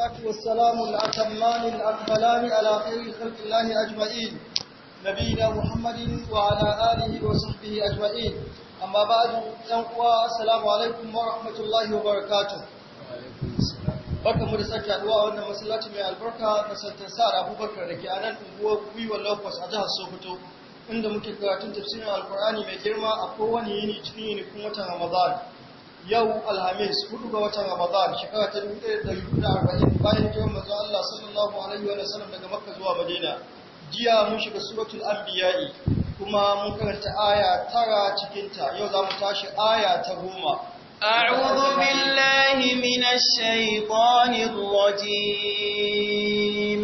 والصلاة والسلام الأتمان الأكملان على خير خلق الله أجمعين نبينا محمد وعلى آله وصحبه أجمعين أما بعد ينقوى السلام عليكم ورحمة الله وبركاته barka mu da sake haduwa a wannan masallaci mai albarka na santan sa'ad abubakar da ke a nan unguwar gwiwar lagos a jihar sokoto inda muke karatun tafsirin alkur'ani mai girma a kowane yini cikin yini kuma watan ramadan yau alhamis hudu ga watan ramadan shekara ta 1440 bayan jiwon manzo Allah sallallahu alaihi wa sallam daga makka zuwa madina jiya mun shiga suratul anbiya'i kuma mun karanta aya tara cikin ta yau za mu tashi aya ta goma a'udhu billahi minash shaitanir rajim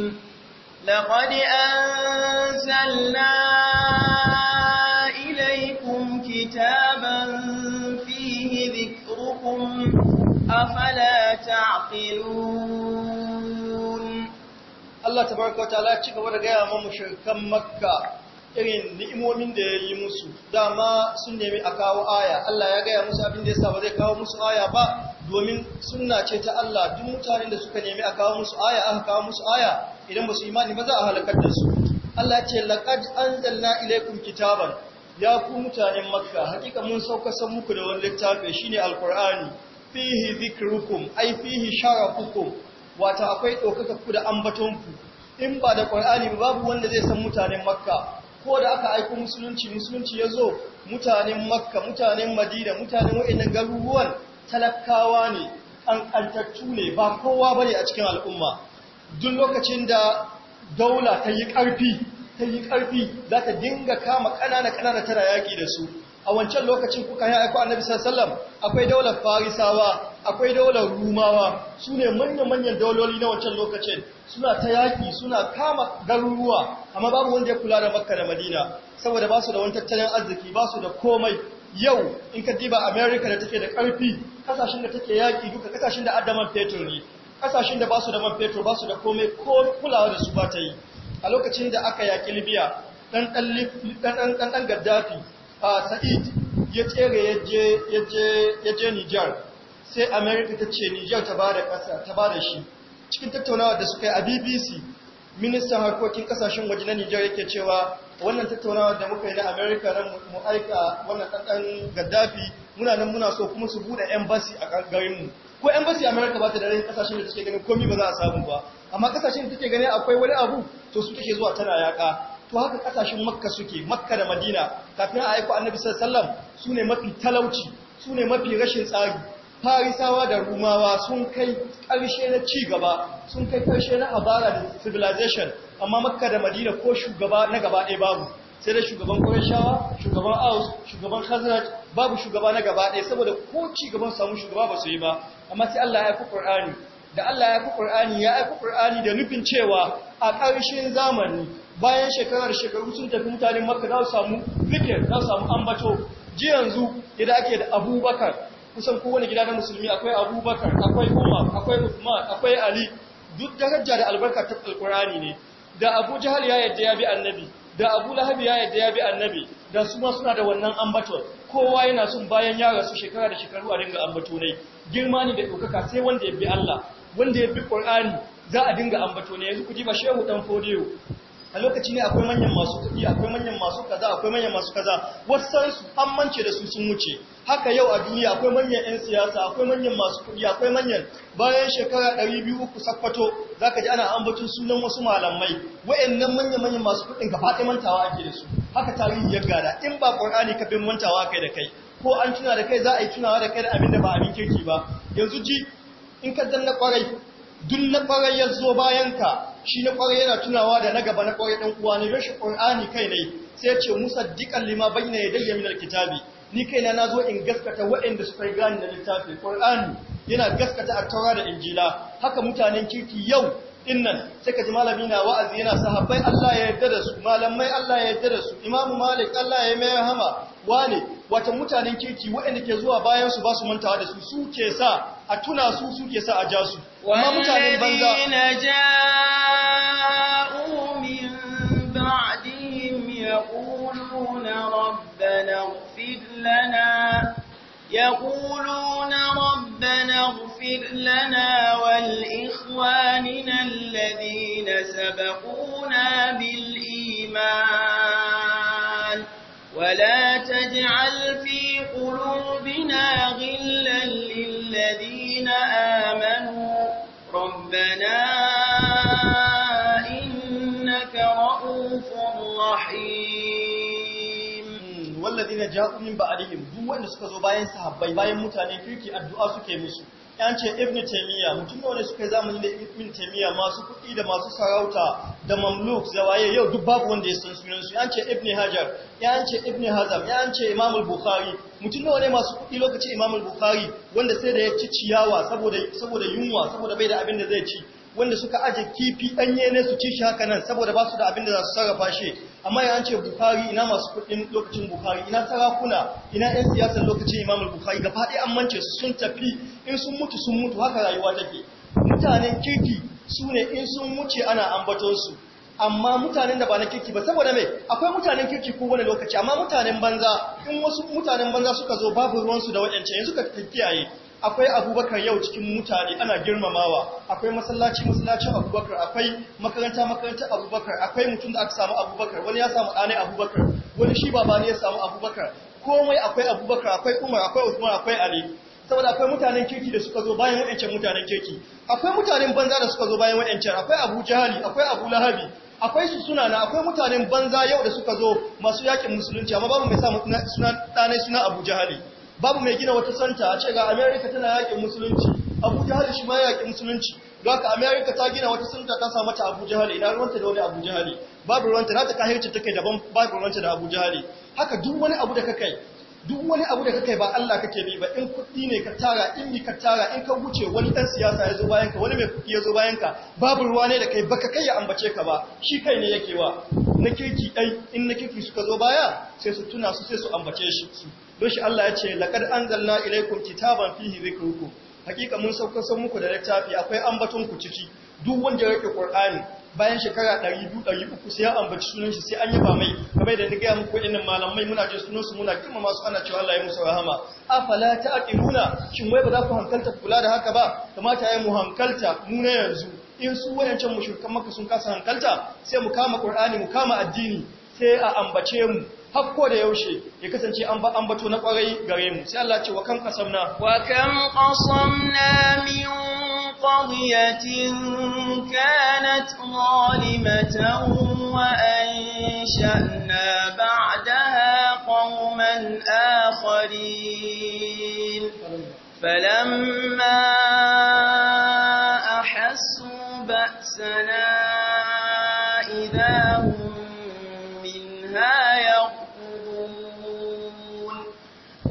laqad anzalna أفلا تعقلون الله تبارك وتعالى gaba da gaya ma mushrikan Makka irin ni'imomin da ya yi musu dama sun nemi a kawo aya Allah ya gaya musu abin da ya ba zai kawo musu aya ba domin sunna ce ta Allah duk mutanen da suka nemi a kawo musu aya aka kawo musu aya idan ba su imani ba za a halakar da su Allah ce laqad anzalna ilaykum kitaban ya ku mutanen Makka hakika mun sauka san muku da wani littafi shine alqur'ani fihi zikrukum ai fihi sharafukum wato akwai dokaka ku da ku. in ba da ƙur'ani ba babu wanda zai san mutanen makka ko da aka aiko musulunci musulunci yazo zo mutanen makka mutanen madina mutanen wa'annan garuruwan talakawa ne ƙanƙantattu ne ba kowa bane a cikin al'umma duk lokacin da daula ta yi ƙarfi ta yi ƙarfi za ta dinga kama ƙanana ƙanana tana yaki da su a wancan lokacin kuka ya aiko annabi sallallahu alaihi akwai daular farisawa akwai daular rumawa sune ne manyan dauloli na wancan lokacin suna ta yaki suna kama garuruwa amma babu wanda ya kula da makka da madina saboda ba da wani tattalin arziki basu da komai yau in ka diba america da take da karfi kasashen da take yaki duka kasashen da adaman fetur ne kasashen da ba su da man fetur ba su da komai ko kulawa da su ba ta yi a lokacin da aka yaki libya ɗan ɗan gaddafi a sa'id ya tsere ya je nijar sai america ta ce nijar ta ba da ƙasa ta ba da shi cikin tattaunawa da suka yi a bbc ministan harkokin kasashen waje na nijar yake cewa wannan tattaunawa da muka yi na america na mu aika wannan ɗanɗan gaddafi muna nan muna so kuma su buɗe embassy a garinmu ko embassy america ba ta da rai kasashen da take ganin komi ba za a samu ba amma kasashen da take ganin akwai wani abu to su take zuwa tana yaƙa to haka kasashen makka suke makka da madina kafin a aiko annabi sallallahu alaihi wasallam sune mafi talauci sune mafi rashin tsari farisawa da rumawa sun kai karshe na ci gaba sun kai ƙarshe na abara da civilization amma makka da madina ko shugaba na gaba ɗaya babu sai da shugaban qurayshawa shugaban aus shugaban khazraj babu shugaba na gaba ɗaya saboda ko ci gaban samu shugaba ba su yi ba amma sai allah ya fi qur'ani da Allah ya fi ya aika ƙur'ani da nufin cewa a ƙarshen zamani bayan shekarar shekaru sun tafi mutane maka, za su samu zikir za su samu ambato ji yanzu yadda ake da Abubakar kusan kowane gida na musulmi akwai Abubakar akwai Umar akwai Usman, akwai Ali duk daraja da albarka ta Alƙurani ne da Abu Jahal ya yadda ya bi annabi da Abu lahabi ya yadda ya bi annabi da su ma suna da wannan ambaton kowa yana son bayan ya rasu shekara da shekaru a dinga ambato ne girma ne da ɗaukaka sai wanda ya bi Allah wanda ya fi qur'ani za a dinga ambato ne yanzu zuku ji ba shehu ɗan fodiyo a lokaci ne akwai manyan masu kuɗi akwai manyan masu kaza akwai manyan masu kaza wasansu an mance da su sun wuce haka yau a duniya akwai manyan 'yan siyasa akwai manyan masu kuɗi akwai manyan bayan shekara biyu uku sakwato za ka ji ana ambacin sunan wasu malamai wa'annan manya-manyan masu kuɗin gaba ɗaya mantawa ake da su haka tarihi ya gada in ba ƙur'ani ka bin mantawa kai da kai ko an tuna da kai za a yi tunawa da kai da abin da ba abin kirki ba yanzu ji in ka zan na kwarai duk na kwarai ya zo bayan ka shi na kwarai yana tunawa da na gaba na kwarai ɗan uwa ne rashin ƙur'ani kai ne sai ce mu musaddiqan lima ya yadayya min alkitabi ni kaina na zo in gaskata waɗanda suka yi gani na littafi ƙur'ani yana gaskata a taura da injila haka mutanen kirki yau dinnan sai ka ji malami na wa'azi yana sahabbai Allah ya yarda da su malamai Allah ya yarda da su imamu malik Allah ya mai rahama wane wata mutanen kirki waɗanda ke zuwa bayan su ba mantawa da su suke sa a tuna su suke sa a ja su amma mutanen banza wanda ja umin ba'dihim ya ƙuluna rabbana fidlana ya ƙuluna rabbana fidlana wal’ikwaninan lalina sabakuna bil iman ولا تجعل في قلوبنا غلا للذين آمنوا ربنا إنك رؤوف رحيم والذين جاءوا من بعدهم دون سكزوا باين صحابي باين متانين كيكي الدعاء سكي مسلم yan ce ibn taymiya mutum wani suka zamani da ibn taymiya masu kuɗi da masu sarauta da mamluk zawaye yau duk babu wanda ya san sunan su yan ce ibn hajar yan ce ibn hazam yan ce imam al-bukhari mutum ne wani masu kuɗi lokacin imam al-bukhari wanda sai da ya ci ciyawa saboda yunwa saboda bai da abin da zai ci wanda suka aje kifi danye ne su ci shi haka nan saboda ba su da abin da za su sarrafa shi amma ya ce bukari ina masu kudin lokacin bukari ina sarakuna ina yan siyasar lokacin imamul bukari ga faɗi an mance sun tafi in sun mutu sun mutu haka rayuwa take mutanen kirki su ne in sun wuce ana ambatonsu amma mutanen da ba na kirki ba saboda mai akwai mutanen kirki ko wani lokaci amma mutanen banza in wasu mutanen banza suka zo babu ruwansu da waɗancan yanzu ka kiyaye akwai abubakar yau cikin mutane ana girmamawa akwai masallaci masallacin abubakar akwai makaranta makaranta abubakar akwai mutum da aka samu abubakar wani ya samu ɗane abubakar wani shi ba ne ya samu abubakar komai akwai abubakar akwai umar akwai usman akwai ali saboda akwai mutanen kirki da suka zo bayan wa'ancan mutanen kirki akwai mutanen banza da suka zo bayan wa'ancan akwai abu jahali akwai abu lahabi akwai su suna na akwai mutanen banza yau da suka zo masu yakin musulunci amma babu mai sa suna ɗane suna abu jahali babu mai gina wata santa a ce ga america tana yakin musulunci abu jihali shi ma yakin musulunci don haka america ta gina wata santa ta sa mata abu jihali ina ruwanta da wani abu jihali babu ruwanta na ta kahirci take daban babu ruwanta da abu jihali haka duk wani abu da ka kai duk wani abu da kakai ba Allah kake bi ba in kuɗi ne ka tara in ni ka tara in ka wuce wani ɗan siyasa ya zo bayan ka wani mai kuɗi ya zo bayan ka babu ruwa ne da kai ba ka kai ya ambace ka ba shi kai ne yake wa na kirki ɗai in na kirki suka zo baya sai su tuna su sai su ambace shi su don shi Allah ya ce laqad anzalna ilaykum kitaban fihi dhikrukum hakika mun saukar san muku da littafi akwai ambaton ku ciki duk wanda yake Qur'ani bayan shekara 200-300 sai ya ambaci sunan shi sai an yaba mai kamar da ni gaya muku inin malamai muna jin sunansu muna kima masu ana cewa Allah ya musu rahama afala nuna shin wai ba za ku hankalta kula da haka ba kamata ya mu hankalta nuna yanzu in su wayancan mushrikan maka sun kasa hankalta sai mu kama ƙur'ani mu kama addini sai a ambace mu hakko da yaushe ya kasance an ba ambato na kwarai gare mu sai Allah ce wa kan kasamna wa kam qasamna min قرية كانت ظالمة وأنشأنا بعدها قوما آخرين فلما أحسوا بأسنا إذا هم منها يرقضون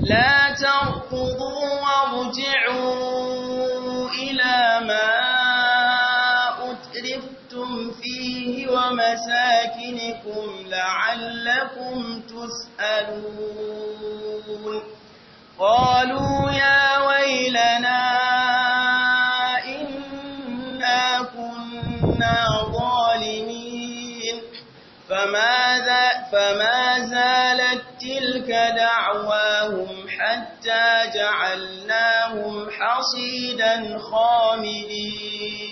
لا تركضوا وارجعوا لعلكم تسألون قالوا يا ويلنا إنا كنا ظالمين فما, فما زالت تلك دعواهم حتى جعلناهم حصيدا خامدين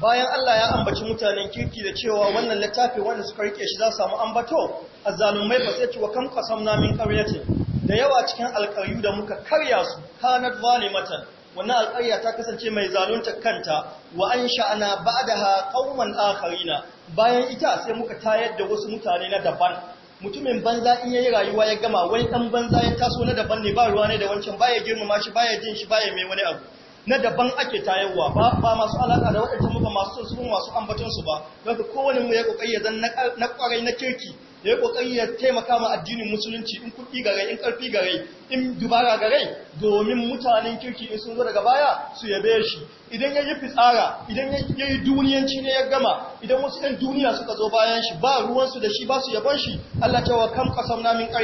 bayan Allah ya ambaci mutanen kirki da cewa wannan littafi wanda suka rike shi za su samu ambato azzalumai ba sai cewa kam na min karyace. da yawa cikin alƙaryu da muka karya su kanat zalimatan wannan alƙarya ta kasance mai zalunta kanta wa sha'ana ba'daha qauman akharina bayan ita sai muka tayar da wasu mutane na daban mutumin banza in yayi rayuwa ya gama wani dan banza ya taso na daban ne ba ruwa ne da wancan baya girmama shi baya jin shi baya mai wani abu na daban ake tayarwa ba ba masu alaka da waɗancan muka masu sun su masu ambaton su ba don kowane mu ya kokari ya zan na kwarai na kirki ya kokari ya taimaka ma addinin musulunci in kuɗi gare in ƙarfi gare in dubara gare domin mutanen kirki in sun zo daga baya su yabe shi idan ya yi fitsara idan ya yi duniyanci ne ya gama idan wasu ɗan duniya suka zo bayan shi ba ruwansu da shi ba su yabon shi Allah cewa kam kasam namin da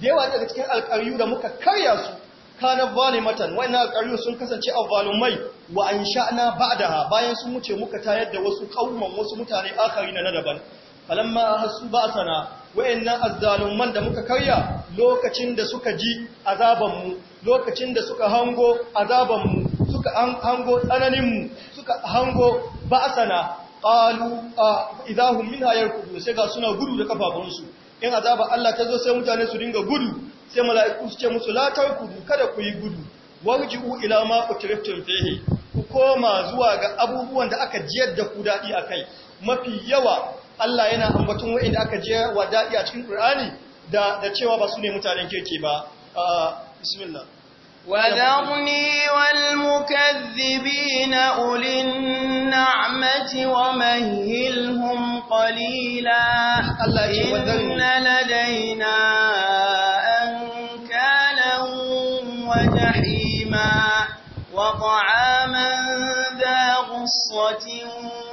yawa daga cikin alƙaryu da muka karya su kana zalimatan wannan alƙaryun sun kasance a azzalumai wa da ha bayan sun wuce muka tayar da wasu kauman wasu mutane akari na daban a hasu ba'sana wa'annan azalumman da muka karya lokacin da suka ji azabanmu lokacin da suka hango azabanmu suka hango tsananinmu suka hango ba'asana a idahum minha kudu sai ga suna gudu da kafafunsu in azaba Allah ta zo sai mutane su dinga gudu sai mala'iku su ce musu la tarkudu kada ku yi gudu warji'u ila ma utriftum ku koma zuwa ga abubuwan da aka jiyar da ku daɗi akai mafi yawa Allah yana ambaton da aka jiyar wa daɗi a cikin Qur'ani da cewa ba su ne mutanen keke ba bismillah وذرني والمكذبين أولي النعمة ومهلهم قليلا إن قصوة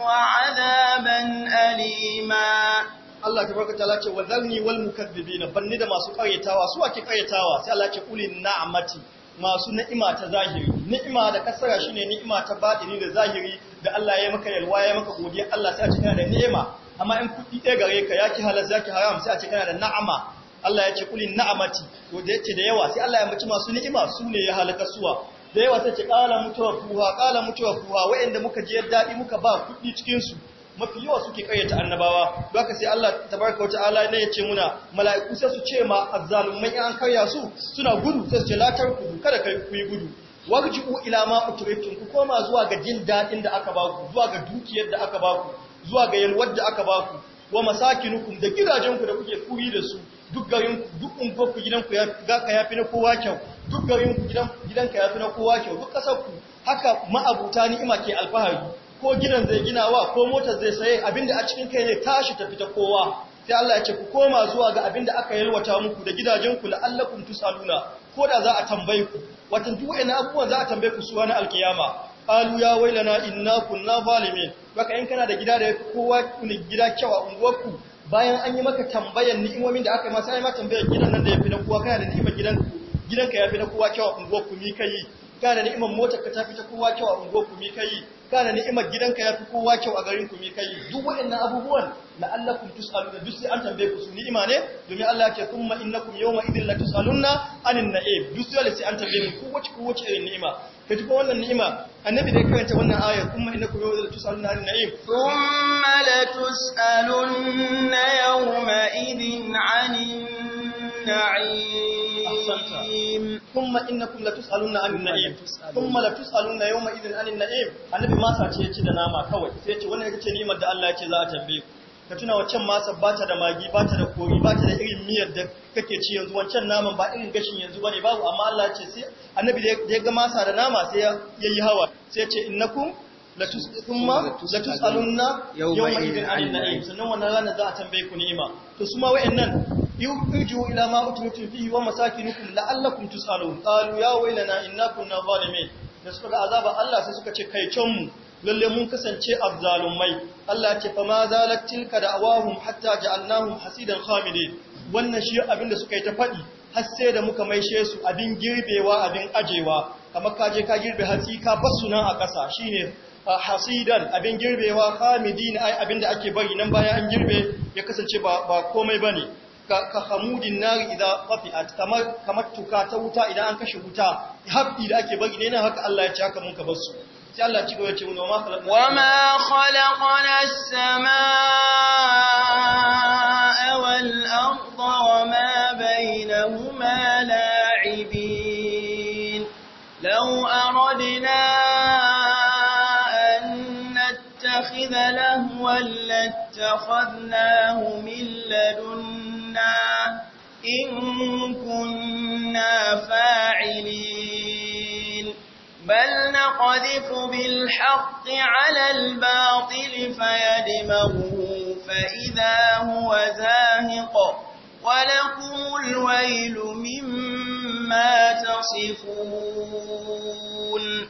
وعذابا أليما Allah tabaraka ta'ala ce wa zalni wal mukaththibina banni da masu karyatawa su ake karyatawa sai Allah ce ulil na'amati. masu ni'ima ta zahiri ni'ima da kasara shine ni'ima ta batini da zahiri da Allah ya maka yalwa ya maka godiya Allah sai a ce kana da ni'ima amma in kudi ɗaya gare ka yaki halal yaki haram sai a ce kana da na'ama Allah ya ce kulin na'amati to da yace da yawa sai Allah ya mace masu ni'ima su ne ya halaka suwa da yawa ta ce ƙala mutuwa fuha ƙala mutuwa fuha waɗanda muka ji daɗi muka ba kuɗi cikinsu mafi yawa suke ta annabawa don haka sai Allah tabaraka wata ala ne ya ce muna mala'iku sai su ce ma azzalumai in an karya su suna gudu sai su ce latar ku kada ku yi gudu warji'u ila ma utriftum ku koma zuwa ga jin daɗin da aka baku zuwa ga dukiyar da aka baku zuwa ga yalwar da aka baku wa masakinukum da gidajenku da kuke kuri da su duk garin duk unguwarku ku ya fi na kowa kyau duk garin gidanka ya fi na kowa kyau duk ƙasar ku haka ma'abuta ni'ima ke alfahari ko gidan zai gina wa ko motar zai saye abinda a cikin kai ne tashi tafi ta kowa sai Allah ya ce ku koma zuwa ga abinda aka yalwata muku da gidajenku da Allah la'allakum tusaluna ko da za a tambaye ku watan duk wayannan abubuwan za a tambaye ku su wani alkiyama qalu ya wailana inna kunna zalimin baka in kana da gida da kowa ne gida kyau a unguwarku bayan an yi maka tambayan ni'imomin da aka yi ma sai ma tambayar gidan nan da yafi na kowa kana da ni'imar gidan gidanka ya fi na kowa kyau a unguwar ku mi kai gane ni'imar motar ka ta fi ta kowa kyau a unguwar ku mi kai gane ni'imar gidanka ya fi kowa kyau a garin ku mi kai duk waɗannan abubuwan Allah kun tus'aluna duk sai an tambaye ku su ni'ima ne domin Allah ya ce kuma innakum yawma idin la tus'aluna anin na'im duk sai an tambaye ku kowace kowace irin ni'ima ka ji wannan ni'ima annabi da ya karanta wannan ayar kuma innakum yawma tus'aluna 'anil na'im Kuma la tus'alunna yawma idin 'anin na'im kuma innakum latus'aluna anin na'im kuma latus'aluna yawma idin anin na'im annabi masa ce yace da nama kawai sai yace wannan yace nimar da Allah yace za a tambaye ka tuna wancan masa bata da magi bata da kori bata da irin miyar da kake ci yanzu wancan naman ba irin gashin yanzu bane babu amma Allah yace sai annabi da ya ga masa da nama sai yayi hawa sai yace innakum latus'alunna latus'alunna yawma idin anin na'im sannan wannan ranar za a tambaye ku ni'ima to su ma wayannan يرجعوا إلى ma أتركتم فيه ومساكنكم لعلكم تسألون قالوا waina na inna kunna ظالمين da suka ga azaba Allah sai suka ce kai canmu lalle mun kasance mai. Allah ce fa ma zalat tilka da'awahum hatta ja'alnahum hasidan khamidin wannan shi abinda suka yi ta fadi har sai da muka maishe su abin girbewa abin ajewa kamar ka je ka girbe hatsi ka basu nan a ƙasa shine hasidan abin girbewa khamidin ai abinda ake bari nan bayan an girbe ya kasance ba ba komai bane ka hamudin nari idan fafi'at kamar kamar tuka ta wuta idan an kashe wuta habbi da ake bagi ne nan haka Allah ya ce haka mun ka bar sai Allah ci gaba ya ce wa ma khalaqna wa ma khalaqna as-samaa wal arda wa ma bainahuma la'ibin law aradna an nattakhidha مِن لَّدُنَّا إن كنا فاعلين بل نقذف بالحق على الباطل فيدمغه فإذا هو زاهق ولكم الويل مما ma tasifun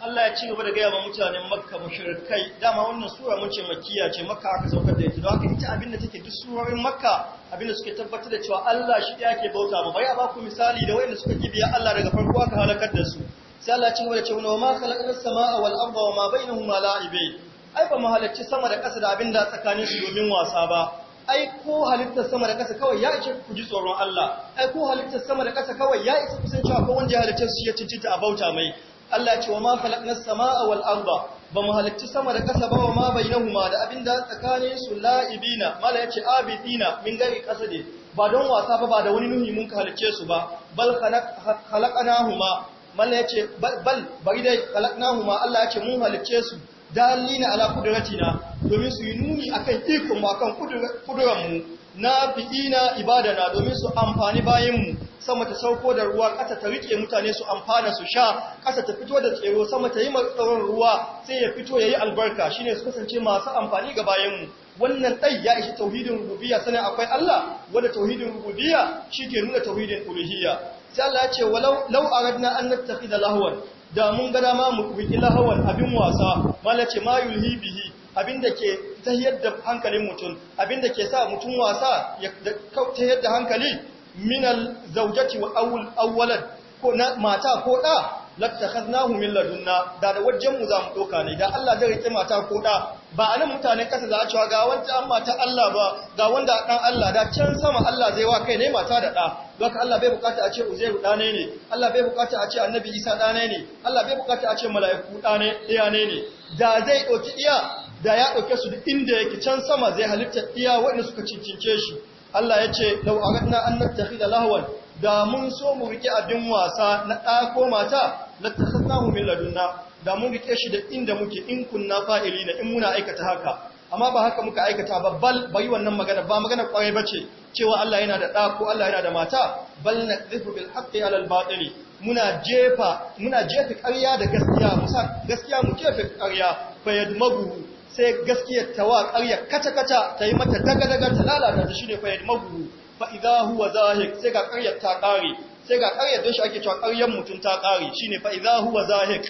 Allah ya ci gaba da gaya wa mutanen Makka mushrikai dama wannan sura mun ce makkiya ce Makka aka saukar da ita don haka ita abinda take duk surorin Makka abinda suke tabbatar da cewa Allah shi yake bauta ba bai a baku misali da wayanda suka kibiya Allah daga farko aka halakar da su sai Allah ya ci gaba da cewa ma khalaqa as-samaa wal arda wa ma bainahuma la'ibain ai ba mu halacci sama da ƙasa da abinda tsakanin su domin wasa ba ai ko halittar sama da ƙasa kawai ya ishe ku ji tsoron Allah ai ko halittar sama da ƙasa kawai ya isa kusan cewa ko wanda ya halitta su ya cincinta a bauta mai Allah ce wa ma khalaqna samaa wal arda ba mu halitta sama da ƙasa ba wa ma bainahuma da abinda tsakanin su la'ibina mala yace abidina min gari qasadi ba don wasa ba ba da wani nuhi mun ka halicce su ba bal khalaqnahuma mala yace bal bari dai khalaqnahuma Allah yace mun halicce su na ala kudratina domin su yi nuni akan ikon mu akan kudurar mu na ibada ibadana domin su amfani bayanmu sama ta sauko da ruwa kasa ta rike mutane su amfana su sha ƙasa ta fito da tsero sama ta yi tsaron ruwa sai ya fito ya yi albarka shine su kasance masu amfani ga bayanmu wannan ɗai ya ishi tauhidin Rububiya sanin akwai Allah wanda tauhidin shi ke nuna tauhidin uluhiyya sai Allah ya ce walau law aradna an nattakhidha lahwan da mun ga dama mu biki lahawan abin wasa malace ma yulhi bihi abinda ke ta yadda hankalin mutum abinda ke sa mutum wasa ya ta yadda hankali minal zaujati wa awwal ko na mata ko da lattakhadnahu min ladunna da da wajen mu za mu doka ne da Allah zai rike mata ko da ba a nan mutanen kasa za a cewa ga wanda an mata Allah ba ga wanda dan Allah da can sama Allah zai wa kai ne mata da da don Allah bai bukata a ce Uzairu da ne ne Allah bai bukata a ce Annabi Isa da ne ne Allah bai bukata a ce mala'iku da ne iya ne ne da zai doki iya da ya doke su duk inda yake can sama zai halitta iya wanda suka cincince shi Allah ya ce law aradna an nattakhidha lahwan da mun so mu rike abin wasa na ko mata lattakhadnahu min ladunna da mun riƙe shi da inda muke in kunna fa'ilina in muna aikata haka amma ba haka muka aikata ba bal bai wannan magana ba magana kwaye bace cewa Allah yana da da ko Allah yana da mata bal nadhifu bil haqqi ala al batili muna jefa muna jefa ƙarya da gaskiya musa gaskiya mu jefa ƙarya fa sai gaskiyar tawa ƙarya kaca kaca ta yi mata daga daga ta lalata ta shine fa yadmagu fa idza wa zahik sai ga ƙaryar ta ƙare sai ga ƙaryar don shi ake cewa ƙaryar mutum ta ƙare shi ne fa idza huwa sai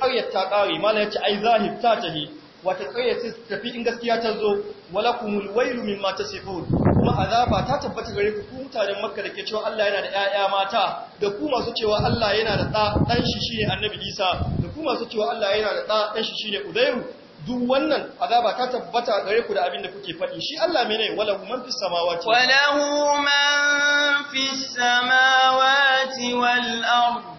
ƙaryar ta ƙare mala yace ai zahib ta tahi wata ƙaryar sai tafi in gaskiya ta zo walakumul wailu mata tasifun kuma azaba ta tabbata gare ku mutanen makka da ke cewa Allah yana da 'ya'ya mata da ku masu cewa Allah yana da ɗan shi shine annabi Isa da ku masu cewa Allah yana da ɗa ɗan shi shine Uzairu duk wannan azaba ta tabbata gare ku da abin da kuke faɗi shi Allah mene wala man fis samawati wala hu man fis samawati wal ard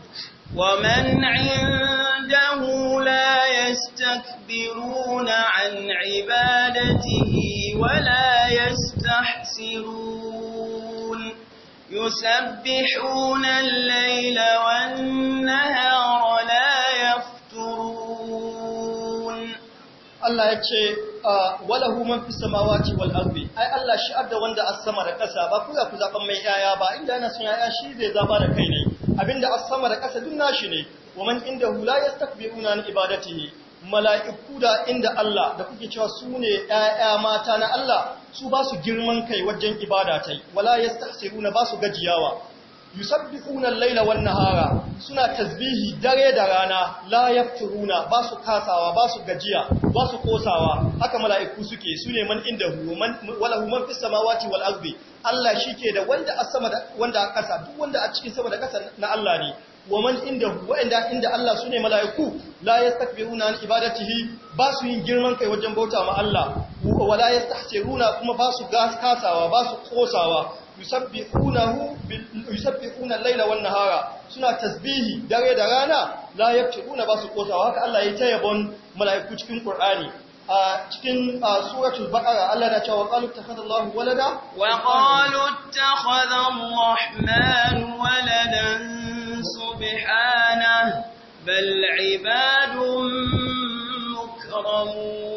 wa man indahu la yastakbiruna an ibadatihi wala yastahsirun yusabbihuna al-layla wan nahara Allah ya ce ah, walahu man fi samawati wal ardi ai Allah shi adda wanda as sama da ƙasa ba ku za ku zaban mai yaya ba inda yana son yaya shi zai zama da kai ne abinda as sama da ƙasa duk nashi ne hula ya indahu la yastakbiruna an ne. mala'iku da inda Allah da kuke cewa su ne ‘ya'ya mata na Allah su ba su girman kai wajen ibada ta yi, wala ya na ba su gajiyawa, yusabbihuna al-laila wan-nahara suna tasbihi dare da rana la yafturuna ba su kasawa ba su gajiya ba su kosawa haka mala'iku suke su ne man inda human wala human fis samawati wal ardi Allah shike da wanda a sama da wanda a kasa duk wanda a cikin sama da kasa na Allah ne wa man inda wa'inda inda Allah sune mala'iku la yastakbiruna an ibadatihi ba su yin girman kai wajen bauta ma Allah wala yastahsiruna kuma ba su kasawa ba su kosawa yusabbihunahu yusabbihuna al-laila wan nahara suna tasbihi dare da rana la na basu kosawa haka Allah ya ta yabon mala'iku cikin Qur'ani a cikin suratul baqara Allah da cewa qalu takhadallahu walada wa qalu takhadallahu waladan subhanahu bal ibadun mukramun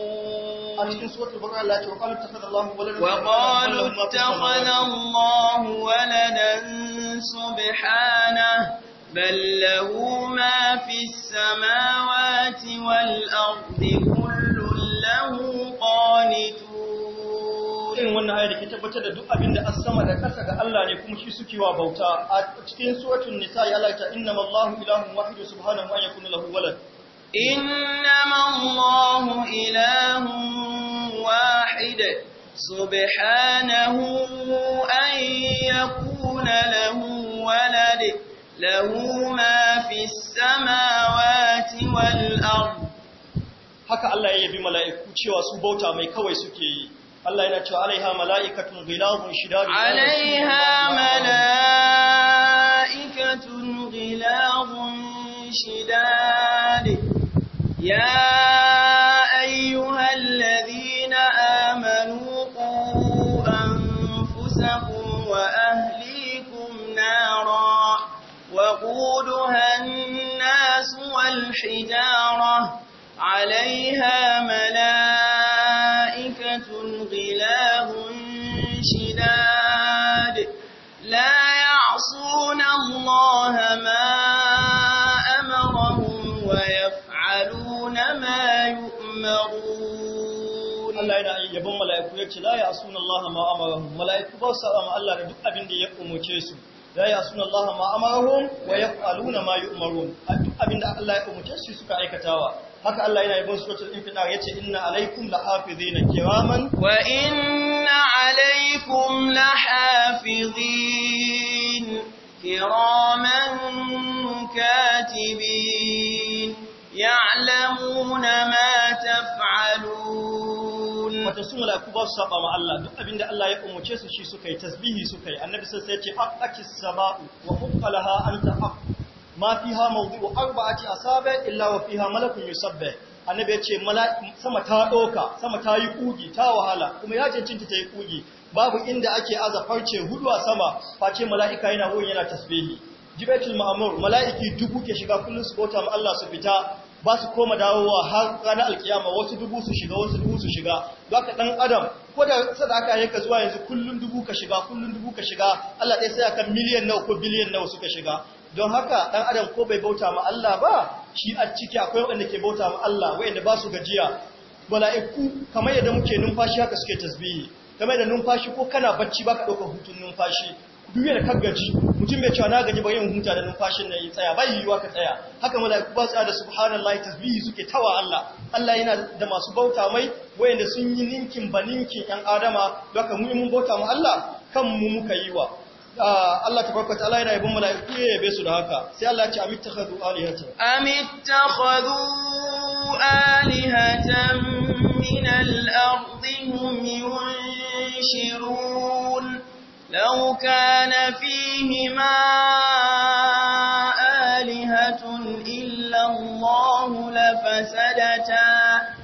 الله من سورة البقرة التي وقالوا اتخذ الله ولدا وقالوا اتخذ الله ولدا سبحانه بل له ما في السماوات والأرض كل له قانتون irin wannan ayar da ke tabbatar da duk abin da as sama da ƙasa ga Allah ne kuma shi suke wa bauta a cikin suratul nisa ya Allah ta innamallahu ilahun wahid subhanahu wa yakunu lahu walad إنما الله إله واحد سبحانه أن يكون له ولد له ما في السماوات والأرض haka Allah ya yabi mala'iku cewa su bauta mai kawai suke yi Allah yana cewa alaiha mala'ikatun ghilazun shidadun alaiha mala'ikatun ghilazun shidadun Yeah. ce la ya Allah ma amarahum mala'iku ba su Allah da duk abin da ya umarce su la ya Allah ma amarahum wa yaf'aluna ma yu'marun duk abin da Allah ya umarce su suka aikatawa haka Allah yana yabon suratul infitar yace inna alaikum lahafizina kiraman wa inna alaikum kiraman katibin ya'lamuna ma taf'alun ummata su malaku ba su saba ma Allah duk abinda Allah ya ummace su shi suka yi tasbihi suka yi annabi sai ya ce aqakis sabau wa huqqalaha anta aq ma fiha mawdi'u arba'ati asabi illa wa fiha malakun yusabbih annabi ya ce sama ta doka sama ta yi kugi ta wahala kuma ya cancanta ta yi kugi babu inda ake aza farce hudu a sama face mala'ika yana wurin yana tasbihi jibatul ma'mur mala'iki dubu ke shiga kullum su bota ma Allah su fita ba su koma dawowa har ranar alkiyama wasu dubu su shiga wasu dubu su shiga ba ka dan adam ko da sadaka ya ka zuwa yanzu kullum dubu ka shiga kullum dubu ka shiga Allah ɗaya sai akan miliyan nawa ko biliyan nawa suka shiga don haka dan adam ko bai bauta ma Allah ba shi a ciki akwai wanda ke bauta ma Allah wanda ba su gajiya mala'iku kamar yadda muke numfashi haka suke tasbihi kamar da numfashi ko kana bacci baka ɗaukar hutun numfashi duniya da kaggaci mutum bai cewa na gaji yin huta da numfashin nan ya tsaya bai yiwuwa ka tsaya haka mala'iku ba tsaya da subhanallahi tasbihi suke tawa Allah Allah yana da masu bauta mai wayanda sun yi ninkin baninkin ɗan adama doka mu mun bauta mu Allah kan mu muka yi wa ah, Allah tabaraka ta'ala yana yabon mala'iku ya yabe su da haka sai Allah ya ce amittakhadhu alihatan amittakhadhu alihatan min al-ardi hum yunshirun لو كان فيهما آلهة إلا الله لفسدتا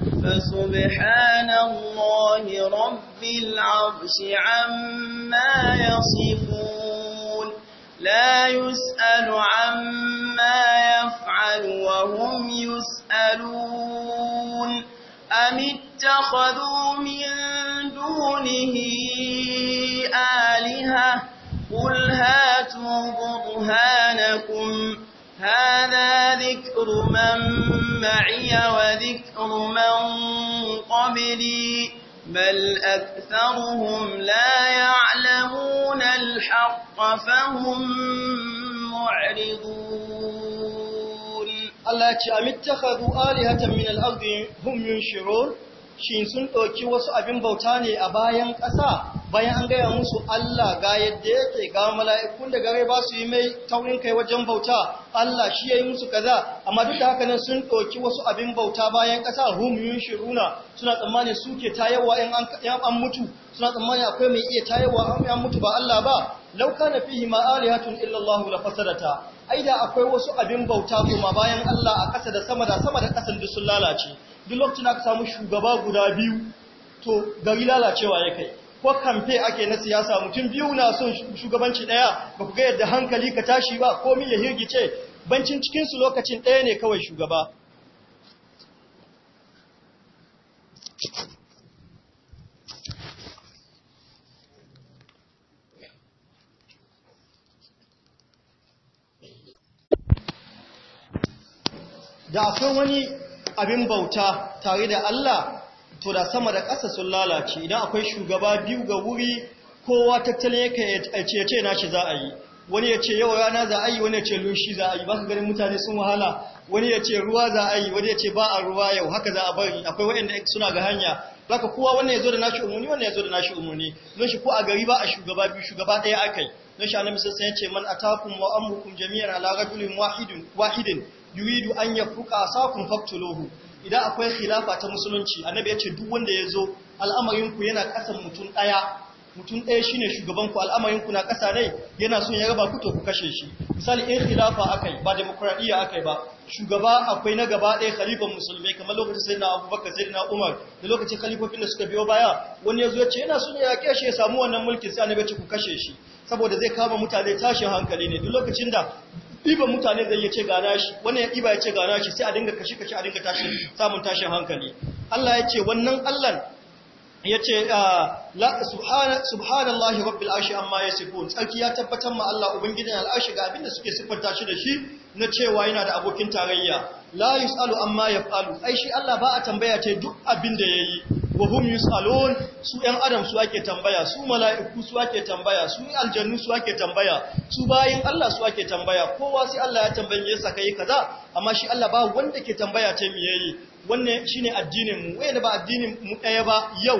فسبحان الله رب العرش عما يصفون لا يسأل عما يفعل وهم يسألون أم اتخذوا من هذا ذكر من معي وذكر من قبلي بل أكثرهم لا يعلمون الحق فهم معرضون الله يتشأم اتخذوا آلهة من الأرض هم ينشرون shi sun ɗauki wasu abin bauta ne a bayan ƙasa bayan an gaya musu Allah ga yadda yake ga mala'ikun da gare ba su yi mai taurin kai wajen bauta Allah shi ya yi musu kaza amma duk da haka nan sun ɗauki wasu abin bauta bayan ƙasa hum runa, suna tsammani suke tayarwa 'yan an mutu suna tsammani akwai mai iya tayarwa an mutu ba Allah ba lauka na fihi ma alihatun illa Allah la fasadata aida akwai wasu abin bauta kuma bayan Allah a ƙasa da sama da sama da ƙasan duk sun lalace duk lokacin aka samu shugaba guda biyu to gari lalacewa ya kai ko kamfe ake na siyasa mutum biyu na son shugabanci ɗaya. ba ku ga yadda hankali ka tashi ba komi ya hirgice bancin cikinsu lokacin ɗaya ne kawai shugaba da akwai wani abin bauta tare da Allah to da sama da ƙasa sun lalace idan akwai shugaba biyu ga wuri kowa tattalin yake ce na shi za a yi wani ya ce yau rana za a yi wani ya ce lushi za a yi ba su ganin mutane sun wahala wani ya ce ruwa za a yi wani ya ce ba a ruwa yau haka za a bari akwai waɗanda suna ga hanya baka kowa wannan ya zo da nashi umarni wannan ya zo da nashi umarni don shi ko a gari ba a shugaba biyu shugaba ɗaya akai don shi annabi sassan ya ce man atakum wa amrukum jami'an ala rajulin wahidin yuridu an yafuka sakun faktuluhu idan akwai khilafa ta musulunci annabi ya ce duk wanda ya zo al'amarinku yana kasan mutum ɗaya mutum shine shi ne shugabanku al'amarinku na kasa ne yana son ya raba kuto ku kashe shi misali in khilafa akai ba demokuraɗiyya akai ba shugaba akwai na gaba ɗaya khalifan musulmi kamar lokacin sai na abubakar sai na umar da lokacin khalifofin da suka biyo baya wani ya zo ya ce yana son ya ke shi ya samu wannan mulkin sai annabi ce ku kashe shi saboda zai kama mutane tashin hankali ne duk lokacin da ɗiban mutane zai yace gana shi wannan ya ɗiba ya gana shi sai a dinga kashi kashi a dinga tashi samun tashin hankali Allah ya ce wannan Allah ya ce ah, subhanallahi rabbil arshi amma yasifun tsarki ya tabbatar ma Allah ubangijin al'ashi ga abinda suke siffanta shi da shi na cewa yana da abokin tarayya la yusalu amma yafalu ai shi Allah ba a tambaya ce duk abin da yayi wa hum yusalun su ɗan adam su ake tambaya su mala'iku su ake tambaya su aljannu su ake tambaya su bayin Allah su ake tambaya kowa sai Allah ya tambaye sa kai kaza amma shi Allah ba wanda ke tambaya ce miye yayi wannan shine addinin mu wanda ba addinin mu ɗaya ba yau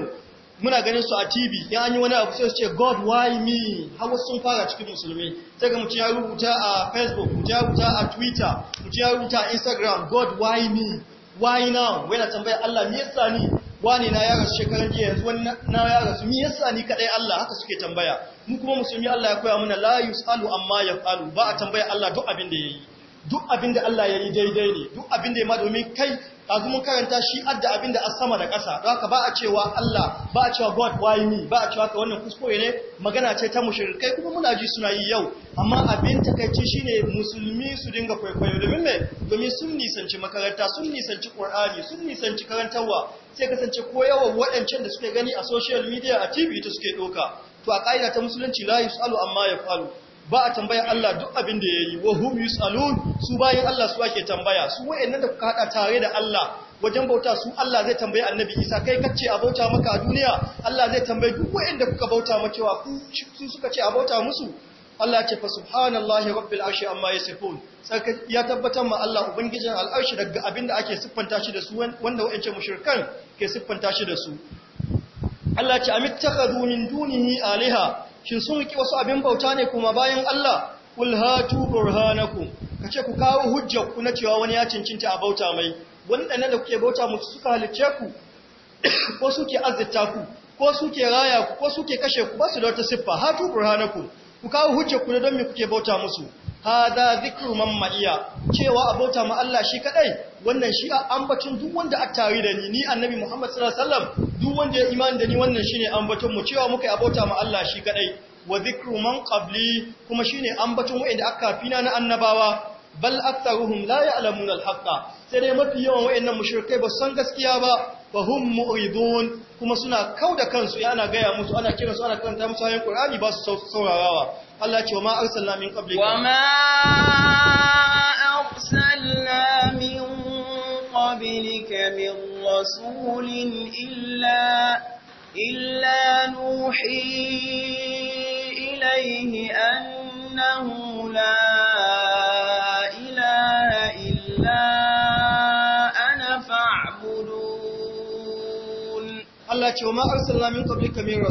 muna ganin su a TV ya an yi wani abu sai su ce God why me hawa sun fara cikin musulmi sai ga mutum ya rubuta a Facebook mutum ya rubuta a Twitter mutum ya rubuta a Instagram God why me why now wai na tambaya Allah me yasa ni wani na ya rasu shekarar jiya yanzu wani na ya rasu mi yasa ni kadai Allah haka suke tambaya mu kuma musulmi Allah ya koya mana la yusalu amma yafalu ba a tambaya Allah duk abin da yayi duk abin da Allah yayi daidai ne duk abin da ya ma domin kai azu mun karanta shi adda abinda as sama da ƙasa don haka ba a cewa Allah ba a cewa God why me ba a cewa ka wannan kuskure ne magana ce ta mushrikai kuma muna ji suna yi yau amma abin takaici shine musulmi su dinga kwaikwayo domin me domin sun nisanci makaranta sun nisanci Qur'ani sun nisanci karantarwa sai ko yawan waɗancan da suke gani a social media a TV ta suke doka to a ƙa'ida ta musulunci la yusalu amma yafalu ba a tambaya Allah duk abin da ya yi wa hum yusalun su bayan Allah su ake tambaya su na da kuka hada tare da Allah wajen bauta su Allah zai tambaye Annabi Isa kai kace a bauta maka a duniya Allah zai tambaye duk wayanda kuka bauta makewa su suka ce a bauta musu Allah ce fa subhanallahi rabbil arshi amma yasifun ya tabbatar ma Allah ubangijin al'arshi daga abinda ake siffanta shi da su wanda wayance mushrikan ke siffanta shi da su Allah ce amittakhadhu min dunihi alaha shin sun riki wasu abin bauta ne kuma bayan Allah kul hatu burhanakum kace ku kawo hujjar ku na cewa wani ya cincinta a bauta mai nan da kuke bauta musu suka halicce ku ko suke azzata ku ko suke raya ku ko suke kashe ku ba su da wata siffa hatu burhanakum ku kawo hujjar ku na don me kuke bauta musu hada zikru man ma'iya cewa abota ma Allah shi kadai wannan shi ambaton duk wanda a tare da ni ni annabi Muhammad sallallahu alaihi wasallam duk wanda ya imani da ni wannan shine ambaton mu cewa muka abota ma Allah shi kadai wa zikru man qabli kuma shine ambaton wanda aka fina na annabawa bal aktharuhum la ya'lamun al-haqqa sai dai mafi yawan wayannan mushrikai ba san gaskiya ba wa hum mu'ridun kuma suna kauda kansu ya ana gaya musu ana kiransu ana karanta musu ayoyin Qur'ani ba su saurarawa Allah ce wa ma arsalna min qablika wa ma arsalna min qablika min rasulin illa illa nuhi ilayhi annahu la Allah ce wa ma arsalna min qablika min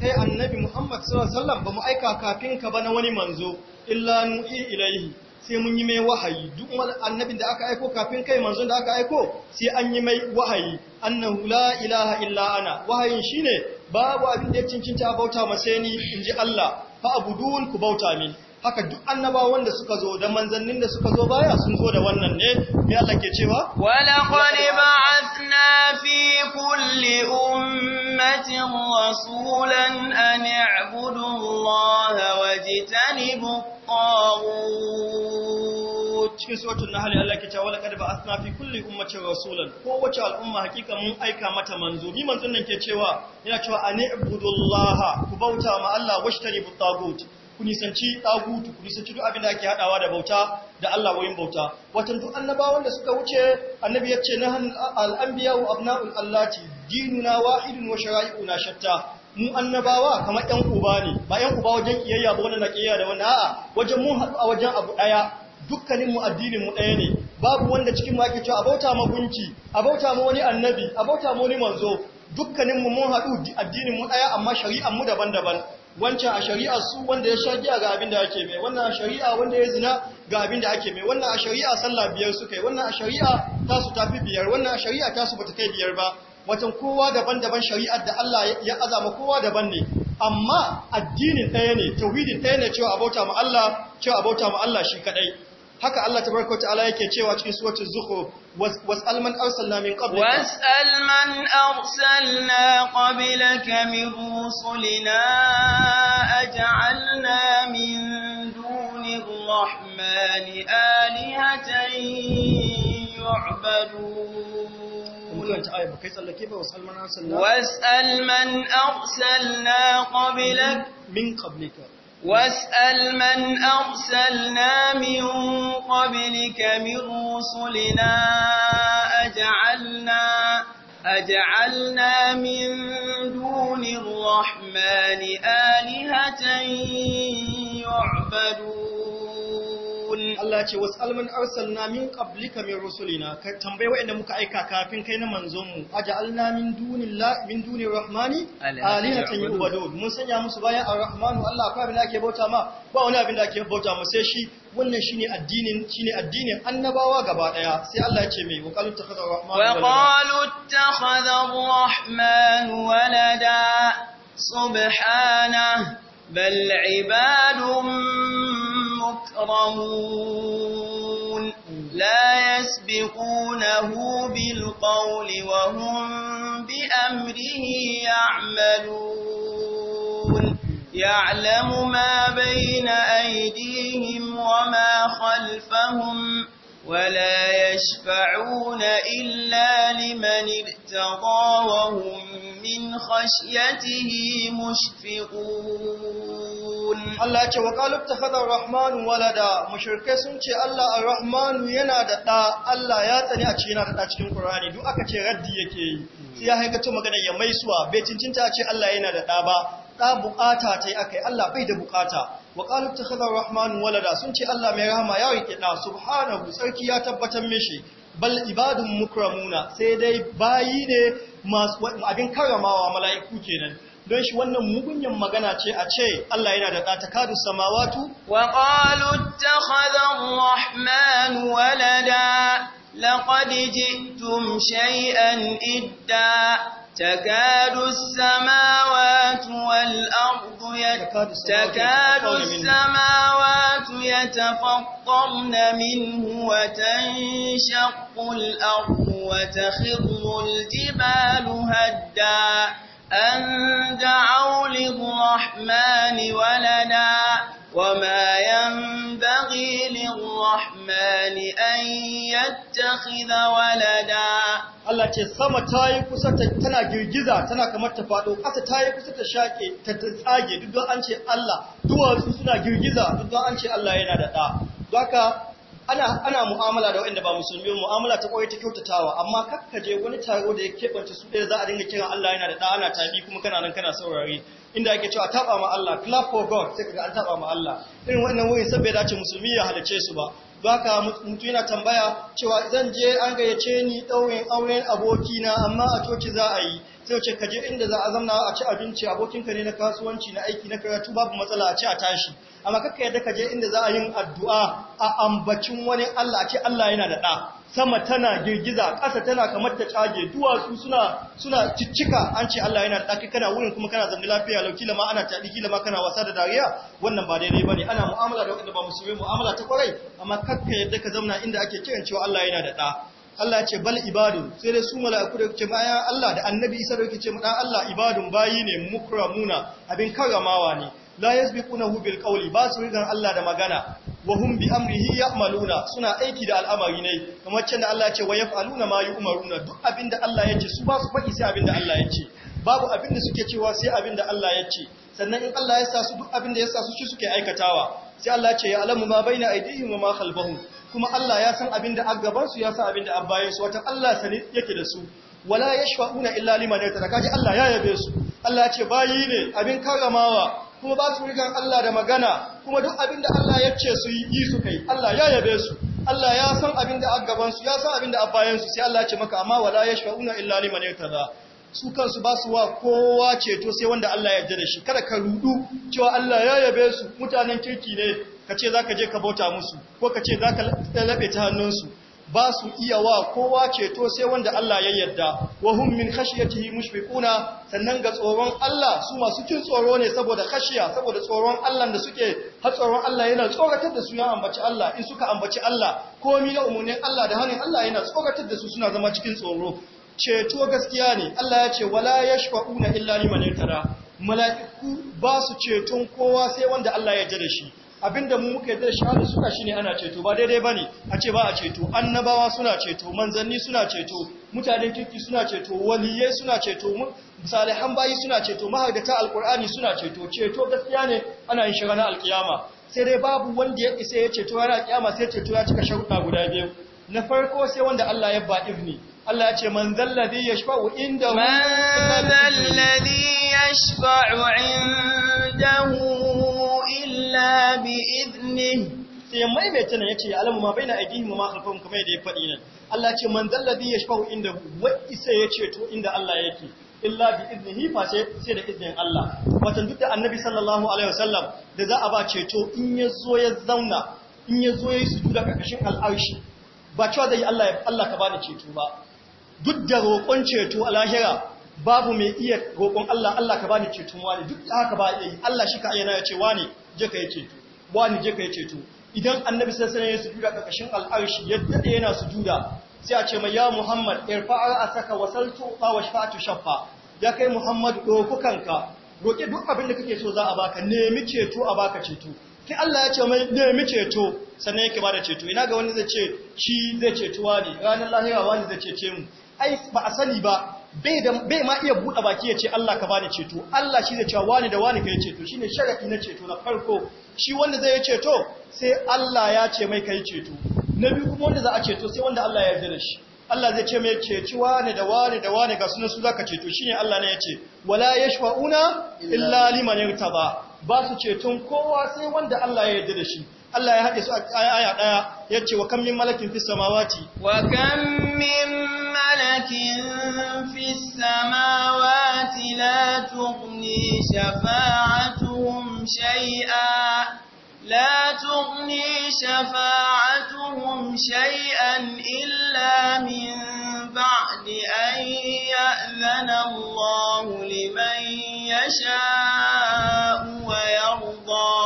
kai annabi Muhammad sallallahu ba mu bamu aika kafin ka ba na wani manzo illa nu'i ilaihi sai mun yi mai wahayi duk annabin da aka aiko kafin kai manzon da aka aiko sai an yi mai wahayi annan la ilaha illa ana wahayin shine babu abin da ya cincinta a bauta masai ni in ji Allah fa abudun ku bauta min haka duk annabawan da suka zo da manzannin da suka zo baya sun zo da wannan ne me Allah ke cewa wala qad ba'athna fi kulli ummatin rasulan an i'budu Allah wajtanibu at cikin suratul nahl Allah ke cewa wala qad ba'athna fi kulli ummatin rasulan ko wace al'umma hakika mun aika mata manzo ni manzon nan ke cewa yana cewa an i'budu Allah ku bauta ma Allah wajtanibu at-taghut ku nisanci tagutu ku nisanci duk abin da ake hadawa da bauta da Allah wayin bauta watan duk annabawan da suka wuce annabi ya ce nahan al-anbiya wa abna'ul allati dinuna wahidun wa shara'i'una shatta mu annabawa kamar ɗan uba ne ba ɗan uba wajen kiyayya ba wannan na kiyayya da wannan a'a wajen mun haɗu a wajen abu ɗaya dukkanin mu addinin mu ɗaya ne babu wanda cikin mu ake cewa abauta ma gunki abauta ma wani annabi abauta ma wani manzo dukkanin mu mun haɗu addinin mu ɗaya amma shari'an mu daban-daban wancan a shari'a su wanda ya sha giya ga abin da ake mai wannan a shari'a wanda ya zina ga abin da ake mai wannan a shari'a sallah biyar suka yi wannan a shari'a tasu tafi biyar wannan a shari'a tasu bata kai biyar ba watan kowa daban-daban shari'ar da Allah ya azama kowa daban ne amma addinin ɗaya ne tawhidin ɗaya ne cewa abauta ma Allah cewa abauta Allah shi kadai haka Allah tabaraka ta'ala yake cewa cikin suratul zukhruf was'al man arsalna min qablika was'al man arsalna qablaka min rusulina aj'alna min duni rahmani alihatan yu'badu was'al man arsalna qablaka min qablika واسأل من أرسلنا من قبلك من رسلنا أجعلنا, أجعلنا من دون الرحمن آلهة يعبدون Allah ce wasu alman arsal namin qablika min rusulina ka tambaye wa'anda muka aika kafin kai na manzon mu aja'alna min dunillahi min duni rahmani alihatan yubadun mun sanya musu bayan a arrahmanu Allah akwai abin da ake bauta ma ba wani abin da ake bauta ma sai shi wannan shine addinin shine addinin annabawa gaba ɗaya sai Allah ya ce mai wa qalu takhadha rahmanu wa qalu takhadha rahmanu walada subhanahu بل عباد مكرمون لا يسبقونه بالقول وهم بأمره يعملون يعلم ما بين أيديهم وما خلفهم ولا يشفعون إلا لمن ارتضى وهم من خشيته مشفقون الله ce wa qalu takhadha ar-rahman walada mushrike sun ce Allah ar-rahman yana da Allah ya tsani a cikin da cikin Qur'ani duk aka ce raddi yake yi sai ya haika magana ya maisuwa bai cincinta ce Allah yana daɗa ba ta bukata aka yi Allah bai da bukata wa qalu takhadha rahman walada sun ce Allah mai rahama ya rike da subhanahu sarki ya tabbatar mishi bal ibadun mukramuna sai dai bayi ne masu abin karamawa mala'iku kenan don shi wannan mugunyan magana ce a ce Allah yana da tatakadu samawatu wa qalu ittakhadha ar walada laƙadiji ji'tum shay'an idda تكاد السماوات والأرض تكاد السماوات يتفطرن منه وتنشق الأرض وتخر الجبال هدّا أن دعوا للرحمن ولدا وما ينبغي للرحمن أن يتخذ ولدا Allah ce sama ta yi kusa tana girgiza tana kamar ta faɗo ƙasa ta yi kusa ta shaƙe ta tsage duk don an ce Allah duwatsu suna girgiza duk don an ce Allah yana da ɗa. Zaka ana mu'amala da waɗanda ba musulmi mu'amala ta koyi ta kyautatawa amma kakka je wani taro da ya keɓance su ɗaya za a dinga kiran Allah yana da ɗa ana tabi kuma kana nan kana saurare inda ake cewa taba ma Allah clap for God sai kaga an taba ma Allah irin wannan wurin sai bai dace musulmi ya halace su ba baka mutu yana tambaya cewa zan je an gayyace ni ɗaurin auren abokina amma a coci za a yi sai ce kaje inda za a zamna a ci abinci abokinka ne na kasuwanci na aiki na karatu babu matsala a ci a tashi amma kakka yadda kaje inda za a yin addu'a a ambacin wani Allah a ce Allah yana da da sama tana girgiza ƙasa tana kamar ta cage duwatsu suna suna ciccika an ce Allah yana da da kana wurin kuma kana zaune lafiya lauki lama ana tadi kila ma kana wasa da dariya wannan ba daidai bane ana mu'amala da wanda ba musulmi mu'amala ta kwarai amma kakka yadda ka zamna inda ake kiran cewa Allah yana da da Allah ce bal ibadun sai dai su mala'iku da kuke bayan Allah da annabi Isa da kuke ce dan Allah ibadun bayi ne mukramuna abin karamawa ne la yasbiqunahu bil qawli ba su rigan Allah da magana wa hum bi amrihi ya'maluna suna aiki da al'amari ne kamar can da Allah ce wa yaf'aluna ma yu'maruna duk abinda Allah ya ce su ba su faɗi sai abinda Allah ya ce babu da suke cewa sai abinda Allah ya ce sannan in Allah ya sa su duk abinda ya sa su suke aikatawa sai Allah ce ya alamu ma baina aydihim wa ma khalfahum kuma Allah ya san abin da agabansu, su ya san abin da abayensu. su Allah sani yake da su wala yashfa'una illa liman yataka ji Allah ya yabe su Allah ya ce bayi ne abin karamawa kuma ba su rigan Allah da magana kuma duk abin da Allah ya ce su yi su kai Allah ya yabe su Allah ya san abin da agabansu, su ya san abin da abayensu, su sai Allah ya ce maka amma wala yashfa'una illa liman tara. su kansu ba su wa kowa ceto sai wanda Allah ya yarda da shi kada ka rudu cewa Allah ya yabe su mutanen kirki ne ka ce za ka je ka bauta musu ko ka ce za ka laɓe ta hannunsu ba su iya wa kowa ceto sai wanda Allah ya yarda wa hum min khashyatihi mushfiquna sannan ga tsoron Allah su masu cin tsoro ne saboda khashiya saboda tsoron Allah da suke har tsoron Allah yana tsoratar da su ya ambaci Allah in suka ambaci Allah komai na umurnin Allah da hanin Allah yana tsoratar da su suna zama cikin tsoro ceto gaskiya ne Allah ya ce wala yashfa'una illa liman yatara mala'iku ba su ceton kowa sai wanda Allah ya je da shi abinda mu muka yadda shahada suka shine ana ceto ba daidai bane a ce ba a ceto annabawa suna ceto manzanni suna ceto mutanen kirki suna ceto waliyai suna ceto salihan bayi suna ceto mahaddata alqur'ani suna ceto ceto gaskiya ne ana yin na alkiyama sai dai babu wanda ya isa ya ceto yana kiyama sai ceto ya cika sharuɗa guda biyu na farko sai wanda Allah ya ba ibni Allah ya ce man zalladhi yashfa'u indahu man zalladhi yashfa'u indahu ne sai maimaita nan yace alamu ma baina aiki ma khalfahum kuma yadda ya faɗi nan Allah ce man dalladhi yashfa'u inda wa isa yace to inda Allah yake illa bi iznihi fa sai da iznin Allah wato duk da annabi sallallahu alaihi wasallam da za a ba ceto in ya zo ya zauna in ya zo ya yi sujuda karkashin al'arshi ba cewa zai Allah Allah ka bani ceto ba duk da roƙon ceto a lahira babu mai iya roƙon Allah Allah ka bani ceton wani duk da haka ba yi Allah shi ka ayyana ya ce wani je ka yi ceto wani je ka yi ceto idan annabi sassan ya sujuda ƙarƙashin al'arshi ya daɗe yana sujuda sai a ce mai ya muhammad irfa'ar a saka wasal tuɓa wa shafa'atu shafa ya kai muhammad ɗaukukanka roƙe duk abin da kake so za a baka nemi ceto a baka ceto sai Allah ya ce mai nemi ceto sannan yake bada ceto ina ga wani zai ce shi zai ceto ne ranar lahira wani zai cece mu ai ba a sani ba bai ma iya buɗe baki ya ce Allah ka bani ceto Allah shi zai cewa wani da wani ka yi ceto shine shagafi na ceto na farko shi wanda zai ceto sai Allah ya ce mai kai ceto na biyu kuma wanda za a ceto sai wanda Allah ya yarda da shi Allah zai ce mai ceci wane da wane da wane ga sunan su zaka ceto shine Allah ne ya ce wala yashfauna illa liman irtaba ba su ceton kowa sai wanda Allah ya yarda da shi Allah ya haɗe su a aya ɗaya ya ce wa kan min malakin fi samawati wa kan min malakin fi samawati la tughni shafa'atuhum shay'a لا تغني شفاعتهم شيئا إلا من بعد أن يأذن الله لمن يشاء ويرضى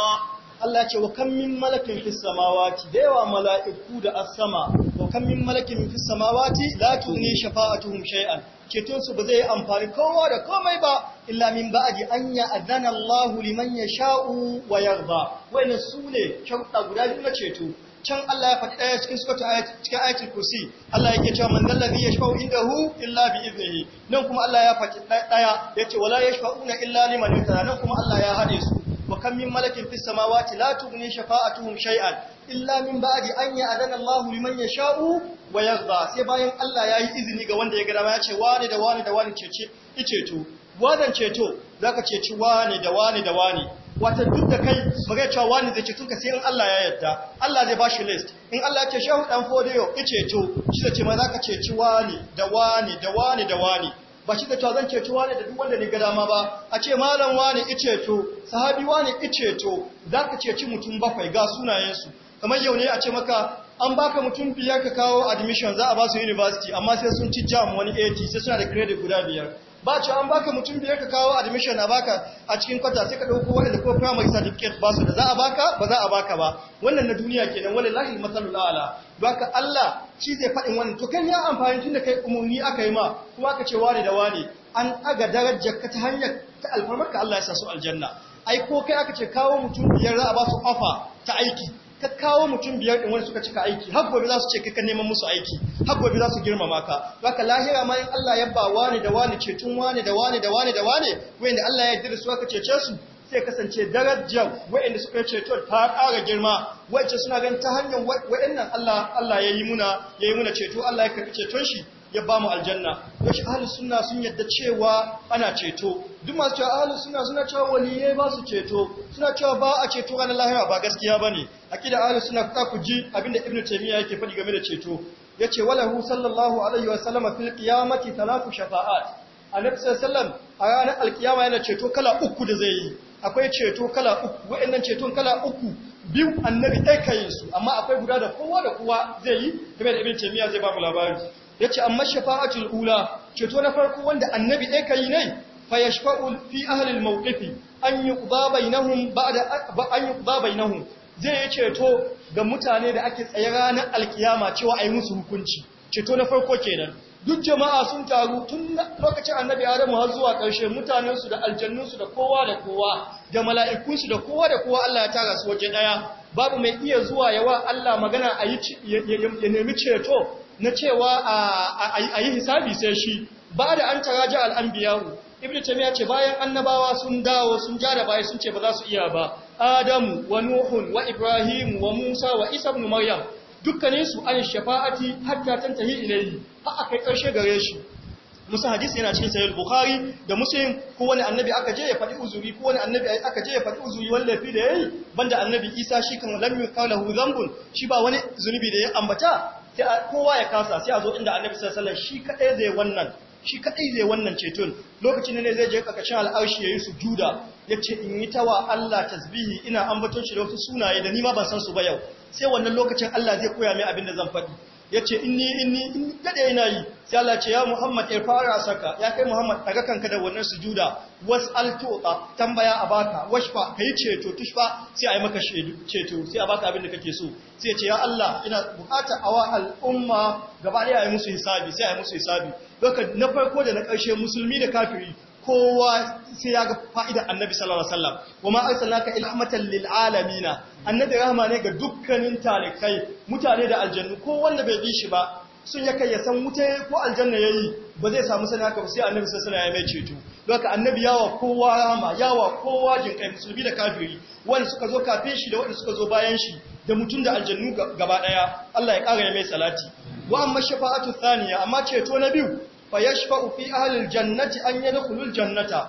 Allah ce wa kan min malakin fis samawati da yawa mala'iku da as-sama wa kan min malakin fis samawati la tughni shafa'atuhum shay'an cetonsu ba zai amfani kowa da komai ba illa min ba'adi an ya adana Allahu liman ya sha'u wa na wannan sune sharuɗa guda biyu na ceto can Allah ya faɗi ɗaya cikin sukatu cikin ayatul kursi Allah yake cewa ya dallabi yashfa'u hu illa bi iznihi nan kuma Allah ya faɗi ɗaya yace wala yashfa'una illa liman yutara nan kuma Allah ya haɗe su wa kam min malakin fis samawati la tughni shafa'atuhum shay'an illa min ba'di an ya'dana Allahu liman yasha'u wa yarda sai bayan Allah yayi izini ga wanda ya ga dama ya ce wani da wani da wani cece iceto wadan ceto zaka ceci wani da wani da wani wata duk da kai baka cewa wani zai cetun ka sai in Allah ya yarda Allah zai bashi list in Allah ya ce shehu dan ice iceto shi zai ce ma zaka ceci wani da wani da wani da wani ba shi da cewa zan ceci wani da duk wanda ne ga dama ba a ce malam wani iceto sahabi wani iceto zaka ceci mutum bakwai ga sunayensu kamar yau ne a ce maka an baka mutum biyar ka kawo admission za a ba su university amma sai sun ci jam wani 80 sai suna da credit guda biyar ba ce an baka mutum biyar ka kawo admission a baka a cikin kwata sai ka dauko wanda ko primary certificate ba su da za a baka ba za a baka ba wannan na duniya kenan wallahi masalul ala baka Allah shi zai faɗin wannan to kan ya amfani tun da kai umarni aka yi ma kuma aka ce wani da wani an aga darajar ka ta hanyar ta ka Allah ya sa su aljanna ai ko kai aka ce kawo mutum biyar za a ba su offer ta aiki ka kawo mutum biyar ɗin wani suka cika aiki har gobe za su ce kaka neman musu aiki har gobe za su girmama ka lahira ma yin Allah ya ba wani da wani cetun wani da wani da wani da wani wanda Allah ya yarda su aka cece su sai kasance darajar wa'anda suka ceto ta ƙara girma wacce suna gan ta hanyar wa'annan Allah Allah ya yi muna ya ceto Allah ya karɓi ceton shi ya ba mu aljanna yashi ahlus sunna sun yadda cewa ana ceto duk masu cewa ahlus sunna suna cewa waliyai ba su ceto suna cewa ba a ceto ranar lahira ba gaskiya bane akida ahlus sunna ta ku ji abinda ibnu taymiya yake faɗi game da ceto yace walahu sallallahu alaihi wa sallam fil qiyamati talatu shafa'at annabi sallallahu a ranar alkiyama yana ceto kala uku da zai yi akwai ceto kala uku wa'annan ceton kala uku biyu annabi ɗaya kayin su amma akwai guda da kowa da kowa zai yi game da ibn taymiya zai ba mu labari yace amma shafa'atul ula ceto na farko wanda annabi ka yi ne fa ya yashfa'u fi ahli al-mawqifi an yuqda bainahum ba'da an na hun zai yi ceto ga mutane da ake tsaye ranar alkiyama cewa ai musu hukunci ceto na farko kenan duk jama'a sun taru tun lokacin annabi adamu har zuwa ƙarshe mutanensu da aljannunsu da kowa da kowa da mala'ikunsu da kowa da kowa Allah ya tara su waje ɗaya babu mai iya zuwa yawa Allah magana a yi ya nemi ceto na cewa a yi hisabi sai shi ba da an taraja al'ambiyaru ibn tamiya ce bayan annabawa sun dawo sun ja da baya sun ce ba za su iya ba adamu wa nuhun wa ibrahim wa musa wa isa ibn maryam dukkaninsu an shafa'ati hatta tantahi ilayhi har akai karshe gare shi musa hadisi yana cikin sahih bukhari da muslim ko wani annabi aka je ya fadi uzuri ko wani annabi aka je ya fadi uzuri wanda fi da yayi banda annabi isa shi kan lam yuqalahu dhanbun shi ba wani zunubi da ya ambata sai kowa ya kasa sai a zo inda annabi sallallahu alaihi wasallam shi kadai zai wannan shi kadai zai wannan ceton lokacin ne zai je kakashin al'arshi yayin sujuda yace in yi tawa Allah tasbihi ina ambaton shi da wasu sunaye da ni ma ban san su ba yau sai wannan lokacin Allah zai koya mai abin da zan faɗi yace inni inni in dade ina yi sai Allah ce ya Muhammad ya fara saka ya kai Muhammad daga kanka da wannan sujuda was'al tuqa tambaya a baka washfa kai ceto tushfa sai ai maka ceto sai a baka abin da kake so sai ya ce ya Allah ina bukata awa al'umma gaba da ai musu hisabi sai ai musu hisabi doka na farko da na karshe musulmi da kafiri kowa sai ya ga fa'ida annabi sallallahu kuma a wama arsalnaka ilhamatan lil’alamina annabi rahama ne ga dukkanin talikai mutane da aljannu ko wanda bai bi shi ba sun ya kai ya san wuta ko aljanna ya yi ba zai samu sanaka ba sai annabi sassana ya mai ceto doka annabi yawa kowa rahama yawa kowa jinkai musulmi da kafiri wanda suka zo kafin shi da wanda suka zo bayan shi da mutum da aljannu gaba daya Allah ya kara mai salati wa amma shafa'atu thaniya amma ceto na biyu fa yashfa'u fi ahlil jannati an yadkhulul jannata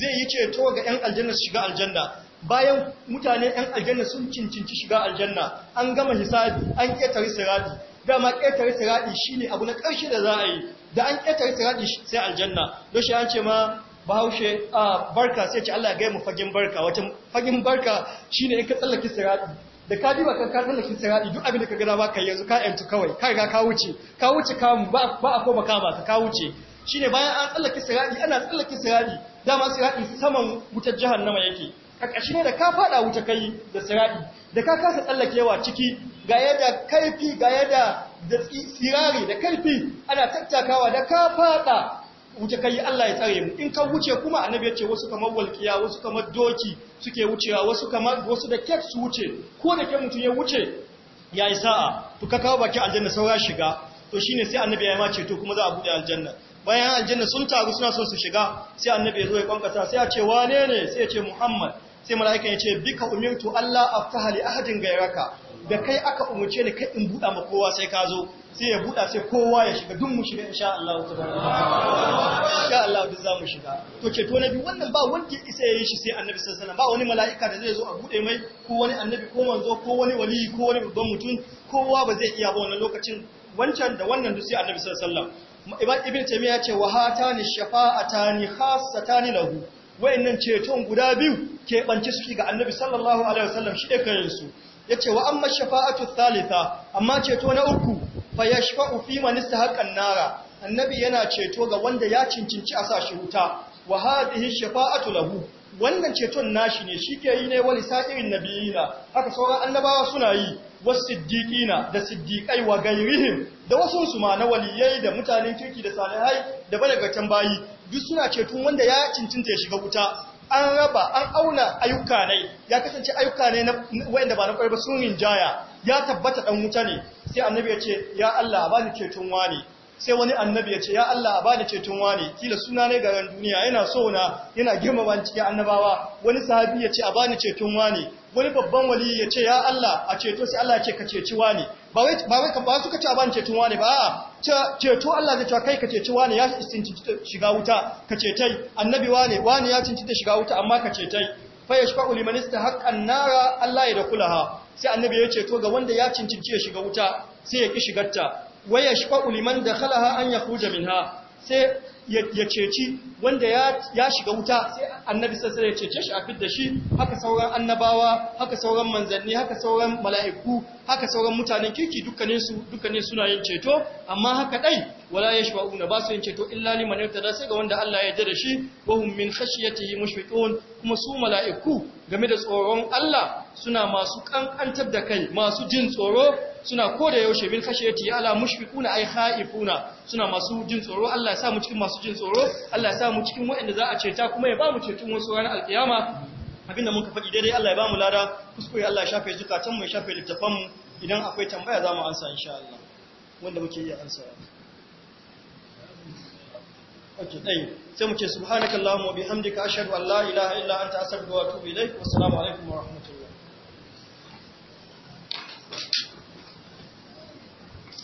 zai yi ceto ga ɗan aljanna su shiga aljanna bayan mutane ɗan aljanna sun cincinci shiga aljanna an gama hisabi an ƙetare siradi. dama ƙetare siradi shine abu na ƙarshe da za a yi da an ƙetare siradi sai aljanna don shi an ce ma bahaushe a ah, barka sai ce Allah ya gaya mu fagin barka wata fagin barka shine in ka tsallake siradi? da ka diba kan ka tsallake sirati duk abin da ka gada ba baka yanzu ka yantu kawai ka riga ka wuce ka wuce ka ba a koma ka ba ka wuce ne bayan an tsallake sirati ana tsallake sirati dama sirati saman wutar jihar nama yake karkashi ne da ka faɗa wuta kai da sirati da ka kasa tsallakewa ciki ga yadda kaifi ga yadda da tsirari da kaifi ana tattakawa da ka faɗa. wuce kai Allah ya tsare mu in ka wuce kuma annabi ya ce wasu kamar walkiya wasu kamar doki suke wucewa wasu kamar wasu da kek su wuce ko da ke mutum ya wuce ya yi sa'a to ka kawo baki aljanna saura shiga to shine sai annabi ya yi ma ceto kuma za a bude aljanna bayan aljanna sun taru suna son su shiga sai annabi ya zo ya kwankasa sai ya ce wane ne sai ya ce muhammad sai mala'ika ya ce bika umirtu Allah aftaha li ahadin gairaka da kai aka umurce ni kai in buɗa ma kowa sai ka zo sai ya buɗa sai kowa ya shiga dun mu shiga insha Allah ta baraka insha Allah duk za mu shiga to ceto na biyu wannan ba wanda isa ya yi shi sai annabi sallallahu alaihi wasallam ba wani mala'ika da zai zo a bude mai ko wani annabi ko manzo ko wani wali ko wani babban mutum kowa ba zai iya ba wannan lokacin wancan da wannan duk sai annabi sallallahu alaihi wasallam ibn ibn taymiya ce wa hatani shafa'atani khassatani lahu wayannan ceton guda biyu ke banci suke ga annabi sallallahu alaihi wasallam shi da kansu yace wa amma shafa'atu thalitha amma ceto na uku fayashfa fi man istahaqqa nara annabi yana ceto ga wanda ya cincinci a sashi wuta wa hadhihi shafa'atu lahu wannan ceton nashi ne shi ke yi ne wani sa'irin nabiyina haka sauran annabawa suna yi wasiddiqina da siddiƙai wa gairihim da wasu su ma na waliyai da mutanen kirki da salihai da balagatan bayi duk suna ceton wanda ya cincinta ya shiga wuta an raba an auna ayyuka ne ya kasance ayyuka ne wanda ba na ba sun rinjaya ya tabbata ɗan wuta ne sai annabi ya ce ya Allah ba ni ceton wani sai wani annabi ya ce ya Allah ba ni ceton wani kila suna ne garan duniya yana so na yana girmama cikin annabawa wani sahabi ya ce a ba ni ceton wani wani babban wali ya ce ya Allah a ceto sai Allah ya ce ka ceci wani ba wai ba suka ce a ba ni ceton wani ba ceto Allah zai cewa kai ka ceci wani ya cinci shiga wuta ka cetai annabi wani wani ya cinci shiga wuta amma ka cetai fa yashfa'u liman istahaqqa an-nara Allah ya dakulaha sai annabi ya ce ceto ga wanda ya cincinci ya shiga wuta sai ya ki shigarta waya shafa'u liman dakhalaha an yakhruja minha sai ya ceci wanda ya shiga wuta sai annabi sassara ya cece shi a da shi haka sauran annabawa haka sauran manzanni haka sauran mala'iku haka sauran mutanen kirki dukkanin suna yin ceto amma haka ɗai wala shi yashfa'una ba su yin ceto illa liman yartada sai ga wanda Allah ya yarda da shi wa kashi min yi mushfiqun kuma su mala'iku game da tsoron Allah suna masu ƙanƙantar da kai masu jin tsoro suna ko da yaushe bin bil khashiyati ala mushfiquna ay khaifuna suna masu jin tsoro Allah ya sa mu cikin masu jin tsoro Allah ya sa mu cikin waɗanda za a ceta kuma ya ba mu ceton wasu ranar alkiyama abinda muka faɗi daidai Allah ya ba mu lada kuskure Allah ya shafe zukatan mu ya shafe littafan mu idan akwai tambaya za mu ansa insha Allah wanda muke iya ansa Okay, ɗai, sai muke subhanakallahumma bihamdika ashhadu an la ilaha illa anta astaghfiruka wa atubu ilaik. Wassalamu alaikum wa rahmatullahi